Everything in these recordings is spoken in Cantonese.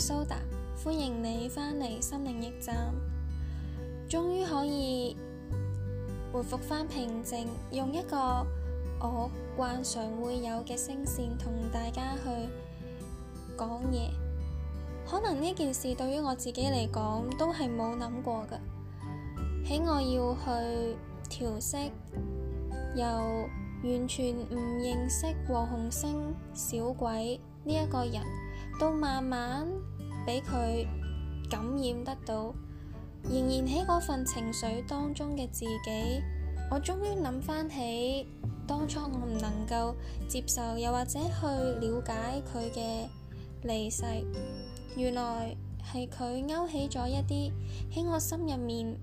蘇達，Soda, 歡迎你返嚟心靈驛站，終於可以回复翻平靜，用一個我慣常會有嘅聲線同大家去講嘢。可能呢件事對於我自己嚟講都係冇諗過嘅，喺我要去調息，又完全唔認識黃鴻升小鬼呢一、這個人，到慢慢。俾佢感染得到，仍然喺嗰份情緒當中嘅自己，我終於諗翻起當初我唔能夠接受，又或者去了解佢嘅離世，原來係佢勾起咗一啲喺我心入面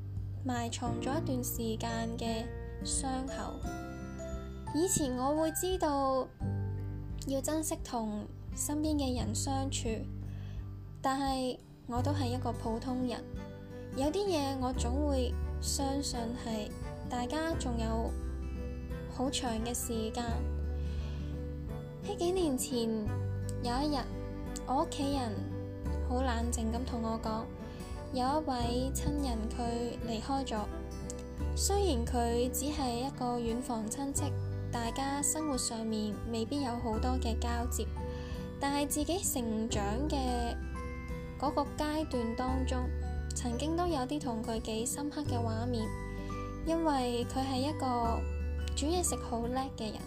埋藏咗一段時間嘅傷口。以前我會知道要珍惜同身邊嘅人相處。但係我都係一個普通人，有啲嘢，我總會相信係大家仲有好長嘅時間。喺幾年前，有一日，我屋企人好冷靜咁同我講，有一位親人佢離開咗。雖然佢只係一個遠房親戚，大家生活上面未必有好多嘅交接，但係自己成長嘅。嗰個階段當中，曾經都有啲同佢幾深刻嘅畫面，因為佢係一個煮嘢食好叻嘅人，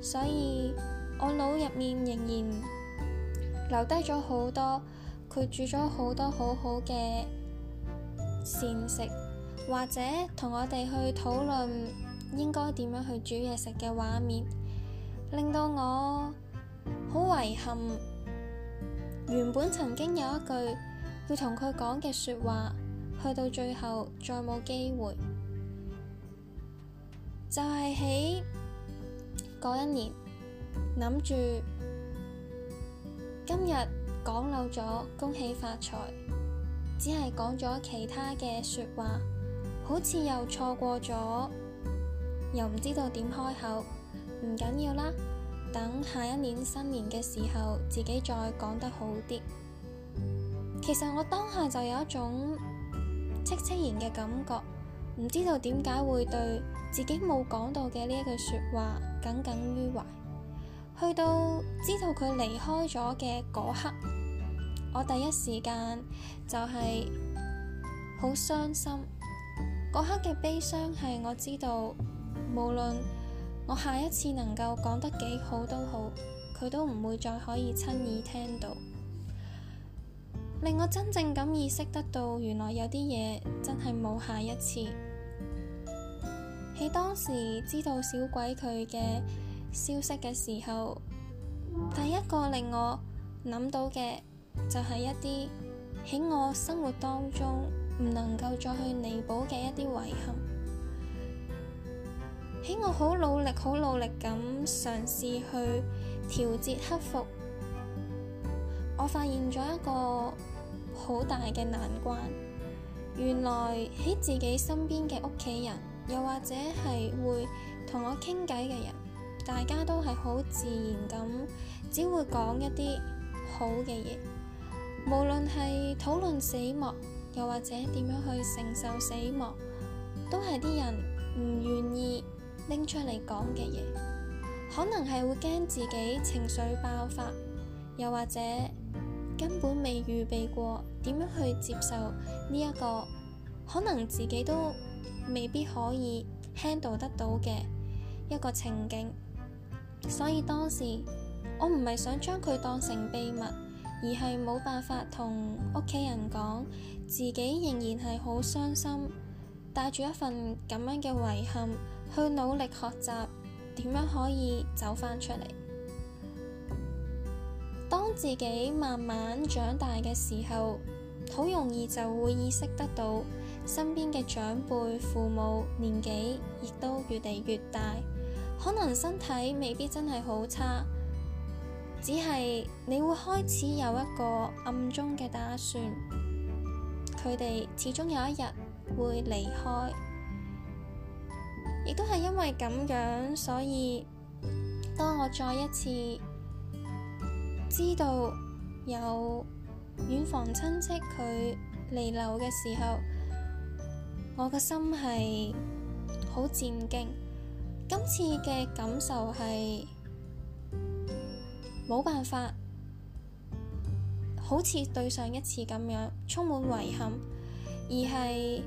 所以我腦入面仍然留低咗好多，佢煮咗好多好好嘅膳食，或者同我哋去討論應該點樣去煮嘢食嘅畫面，令到我好遺憾。原本曾經有一句要同佢講嘅說話，去到最後再冇機會，就係喺嗰一年諗住今日講漏咗恭喜發財，只係講咗其他嘅說話，好似又錯過咗，又唔知道點開口，唔緊要啦。等下一年新年嘅時候，自己再講得好啲。其實我當下就有一種戚戚然嘅感覺，唔知道點解會對自己冇講到嘅呢一句說話耿耿於懷。去到知道佢離開咗嘅嗰刻，我第一時間就係好傷心。嗰刻嘅悲傷係我知道，無論。我下一次能夠講得幾好都好，佢都唔會再可以親耳聽到，令我真正咁意識得到，原來有啲嘢真係冇下一次。喺當時知道小鬼佢嘅消息嘅時候，第一個令我諗到嘅就係一啲喺我生活當中唔能夠再去彌補嘅一啲遺憾。喺我好努力、好努力咁嘗試去調節、克服，我發現咗一個好大嘅難關。原來喺自己身邊嘅屋企人，又或者係會同我傾偈嘅人，大家都係好自然咁，只會講一啲好嘅嘢。無論係討論死亡，又或者點樣去承受死亡，都係啲人唔願意拎出嚟講嘅嘢，可能係會驚自己情緒爆發，又或者根本未預備過點樣去接受呢一個可能自己都未必可以 handle 得到嘅一個情景。所以當時我唔係想將佢當成秘密，而係冇辦法同屋企人講，自己仍然係好傷心，帶住一份咁樣嘅遺憾。去努力學習點樣可以走返出嚟。當自己慢慢長大嘅時候，好容易就會意識得到身邊嘅長輩、父母年紀亦都越嚟越大，可能身體未必真係好差，只係你會開始有一個暗中嘅打算，佢哋始終有一日會離開。亦都係因為咁樣，所以當我再一次知道有遠房親戚佢彌留嘅時候，我嘅心係好戰兢。今次嘅感受係冇辦法，好似對上一次咁樣，充滿遺憾，而係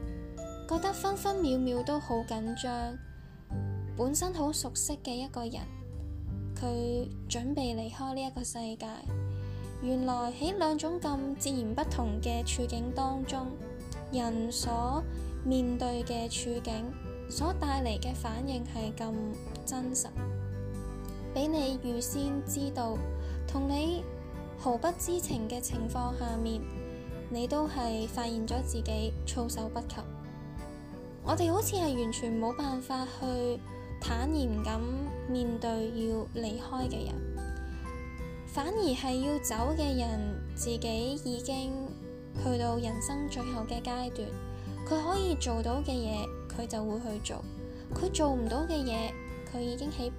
覺得分分秒秒都好緊張。本身好熟悉嘅一個人，佢準備離開呢一個世界。原來喺兩種咁截然不同嘅處境當中，人所面對嘅處境所帶嚟嘅反應係咁真實，俾你預先知道，同你毫不知情嘅情況下面，你都係發現咗自己措手不及。我哋好似係完全冇辦法去。坦然咁面對要離開嘅人，反而係要走嘅人。自己已經去到人生最後嘅階段。佢可以做到嘅嘢，佢就會去做；佢做唔到嘅嘢，佢已經喺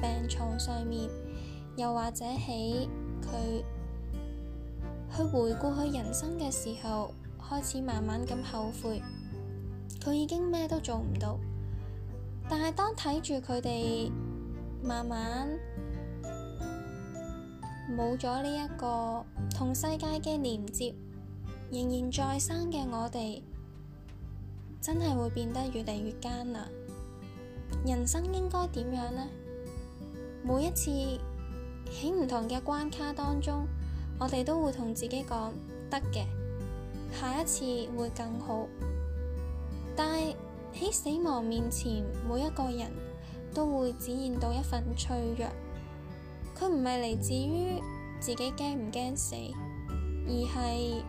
病床上面，又或者喺佢去回顧佢人生嘅時候，開始慢慢咁後悔。佢已經咩都做唔到。但係當睇住佢哋慢慢冇咗呢一個同世界嘅連接，仍然在生嘅我哋，真係會變得越嚟越艱難。人生應該點樣呢？每一次喺唔同嘅關卡當中，我哋都會同自己講得嘅，下一次會更好。但係。喺死亡面前，每一個人都會展現到一份脆弱。佢唔係嚟自於自己驚唔驚死，而係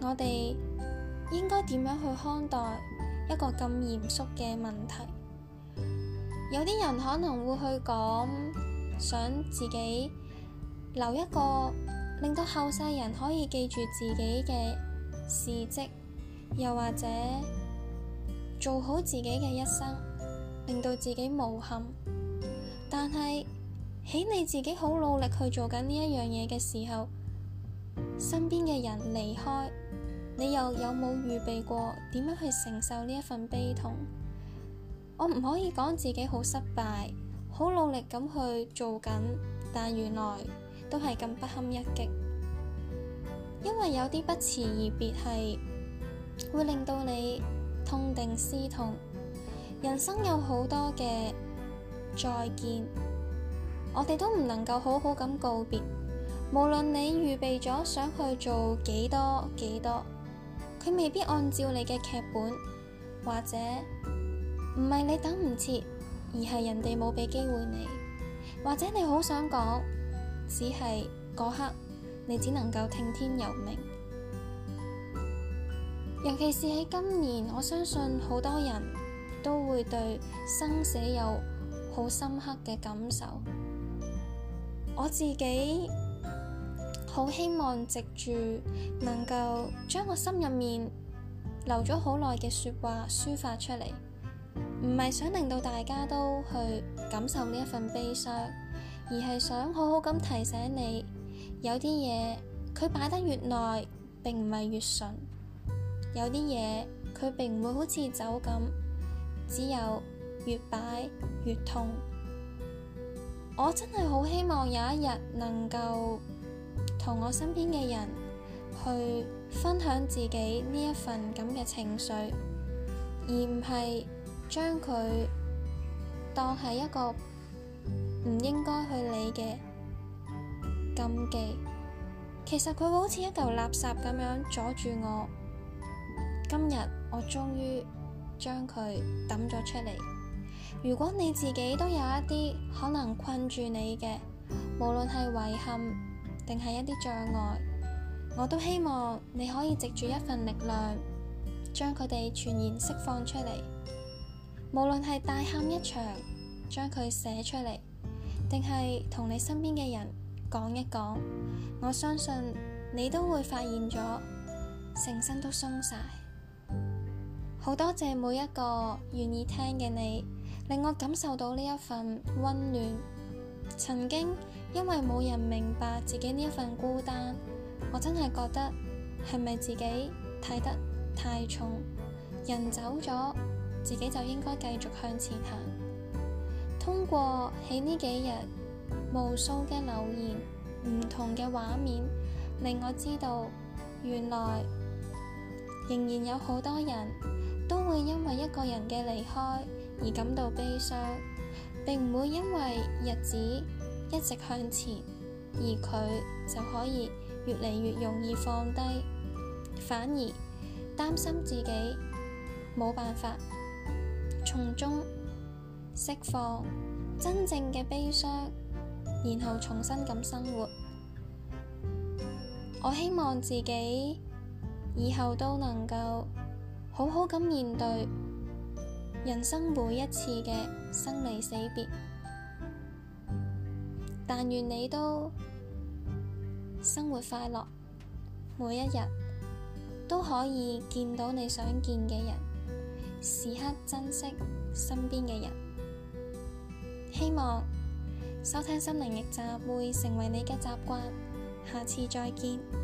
我哋應該點樣去看待一個咁嚴肅嘅問題。有啲人可能會去講，想自己留一個令到後世人可以記住自己嘅事跡，又或者……做好自己嘅一生，令到自己無憾。但係喺你自己好努力去做緊呢一樣嘢嘅時候，身邊嘅人離開，你又有冇預備過點樣去承受呢一份悲痛？我唔可以講自己好失敗，好努力咁去做緊，但原來都係咁不堪一擊。因為有啲不辭而別係會令到你。痛定思痛，人生有好多嘅再見，我哋都唔能夠好好咁告別。無論你預備咗想去做幾多幾多，佢未必按照你嘅劇本，或者唔係你等唔切，而係人哋冇俾機會你，或者你好想講，只係嗰刻，你只能夠聽天由命。尤其是喺今年，我相信好多人都會對生死有好深刻嘅感受。我自己好希望藉住能夠將我心入面留咗好耐嘅說話抒發出嚟，唔係想令到大家都去感受呢一份悲傷，而係想好好咁提醒你，有啲嘢佢擺得越耐，並唔係越順。有啲嘢佢並唔會好似走咁，只有越擺越痛。我真係好希望有一日能夠同我身邊嘅人去分享自己呢一份咁嘅情緒，而唔係將佢當係一個唔應該去理嘅禁忌。其實佢會好似一嚿垃圾咁樣阻住我。今日我終於將佢抌咗出嚟。如果你自己都有一啲可能困住你嘅，無論係遺憾定係一啲障礙，我都希望你可以藉住一份力量，將佢哋全然釋放出嚟。無論係大喊一場，將佢寫出嚟，定係同你身邊嘅人講一講，我相信你都會發現咗，成身都鬆晒。好多謝每一個願意聽嘅你，令我感受到呢一份溫暖。曾經因為冇人明白自己呢一份孤單，我真係覺得係咪自己睇得太重？人走咗，自己就應該繼續向前行。通過喺呢幾日無數嘅留言、唔同嘅畫面，令我知道原來仍然有好多人，都會因為一個人嘅離開而感到悲傷，並唔會因為日子一直向前，而佢就可以越嚟越容易放低，反而擔心自己冇辦法從中釋放真正嘅悲傷，然後重新咁生活。我希望自己以後都能夠。好好咁面對人生每一次嘅生離死別，但願你都生活快樂，每一日都可以見到你想見嘅人，時刻珍惜身邊嘅人。希望收聽心靈驛站會成為你嘅習慣，下次再見。